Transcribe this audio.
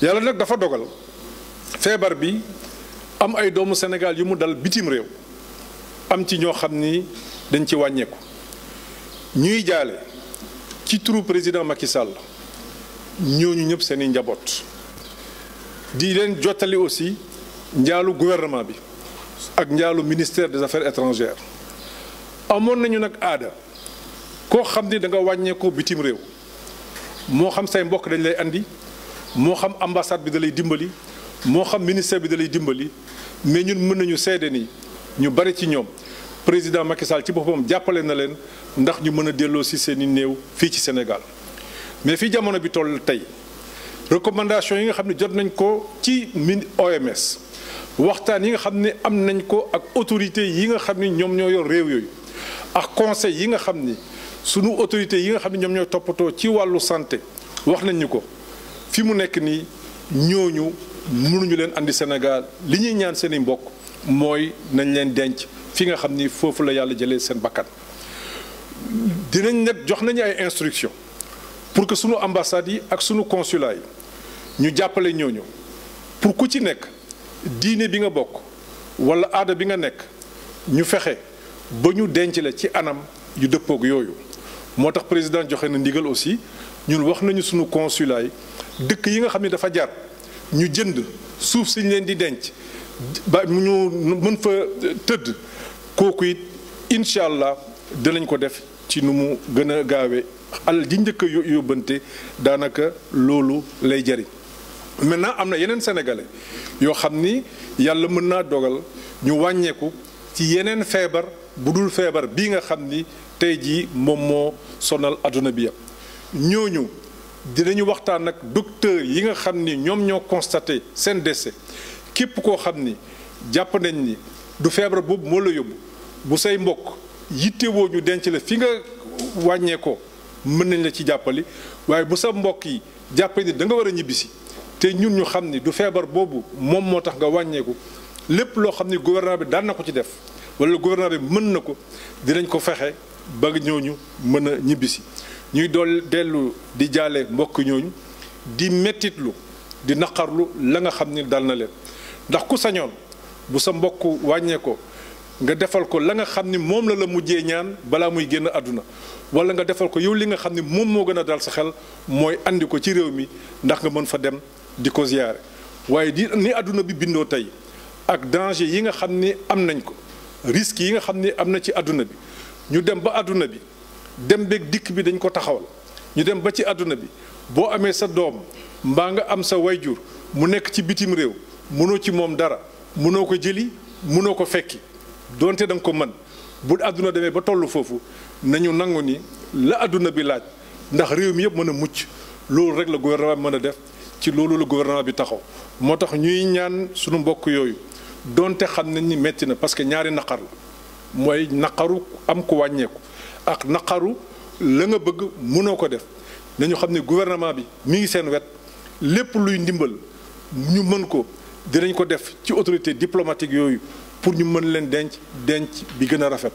yàlla nag dafa dogal feebar bi am ay doomu Sénégal yu mu dal bitim réew am ci ñoo xam ni dañ ci wàññeeku ñuy jaale ci turu président Macky Sall ñooñu ñëpp seeni njaboot di leen jottali aussi njaalu gouvernement bi ak njaalu ministère des affaires étrangères amoon nañu nag aada koo xam ni danga nga wàññeekoo bitim réew moo xam say mbokk dañ lay andi moo xam ambassade bi da lay dimbali moo xam ministère bi da lay dimbali mais ñun mën nañu seede ni ñu bari ci ñoom président Macky Sall ci boppam jàppale na leen ndax ñu mën a delloo si seen i néew fii ci Sénégal mais fii jamono bi toll tey recommandation yi nga xam ne jot nañ ko ci min OMS waxtaan yi nga xam ne am nañ ko ak autorité yi nga xam ni ñoom ñoo yor réew yooyu ak conseil yi nga xam ni sunu autorité yi nga xam ne ñoom ñooy toppatoo ci wàllu santé wax nañ ñu ko fi mu nekk nii ñooñu munuñu leen indi Sénégal li ñuy ñaan seeni mbokk mooy nañ leen denc fi nga xam ni foofu la yàlla jëlee seen bakkan dinañ nag jox nañu ay instructions pour que sunu ambassades yi ak sunu consulat ñu jàppale ñooñu pour ku ci nekk diine bi nga bokk wala aada bi nga nekk ñu fexe ba ñu denc la ci anam yu dëppook yooyu moo tax président joxe na ndigal aussi ñun wax nañu sunu consulat yi dëkk yi nga xam ne dafa jar ñu jënd suuf si ñu leen di denc ba ñu mën fa tëdd kooku it incha allah dinañ ko def ci nu mu gën a gaawee alal ji njëkk yóbbante daanaka loolu lay jariñ maintenant am na yeneen sénégalais yoo xam ni yàlla mën naa dogal ñu wàññeeku ci yeneen feebar bu dul feebar bii nga xam ni tey jii moom moo sonal àdduna bi yëpp ñooñu. dinañu waxtaan ak docteur yi nga xam ni ñoom ñoo constaté seen décès képp koo xam ni jàpp nañ ni du feebar boobu moo la yóbbu bu say mbokk yittewoo ñu denc la fi nga wàññee mën nañ la ci jàppali waaye bu sa mbokk yi jàppe ni da nga war a ñibbisi te ñun ñu xam ni du feebar boobu moom moo tax nga wàññeeku lépp loo xam ni gouvernement bi daan na ko ci def wala gouvernement bi mën na ko dinañ ko fexe ba ñooñu mën a ñibbisi ñuy dool dellu di jaale mbokk ñooñu di mettitlu di naqarlu la nga xam ni dal na leen ndax ku sañoon bu sa mbokk wàññee ko nga defal ko la nga xam ni moom la la mujjee ñaan balaa muy génn àdduna wala nga defal ko yow li nga xam ni moom moo gën a dal sa xel mooy indi ko ci réew mi ndax nga mën fa dem di ko ziyaare waaye di ni àdduna bi bindoo tey ak danger yi nga xam ni am nañ ko risques yi nga xam ni am na ci àdduna bi ñu dem ba àdduna bi dem beeg dikk bi dañ ko taxawal ñu dem ba ci àdduna bi boo amee sa doom mbaa nga am sa way jur mu nekk ci bitim réew mënoo ci moom dara mënoo ko jëli mënoo ko fekki donte da nga ko mën bu àdduna demee ba tollu foofu nañu nangu ni la àdduna bi laaj ndax réew mi yëpp mën a mucc loolu rek la gouvernement bi mën a def ci loolu la gouvernement bi taxaw moo tax ñuy ñaan sunu mbokk yooyu donte xam nañ ni metti na parce que ñaari naqar la mooy naqaru am ko wàññeeku ak naqaru la nga bëgg mënoo ko def nañu xam ne gouvernement bi mi ngi seen wet lépp luy ndimbal ñu mën ko dinañ ko def ci autorité diplomatique yooyu pour ñu mën leen denc denc bi gën a rafet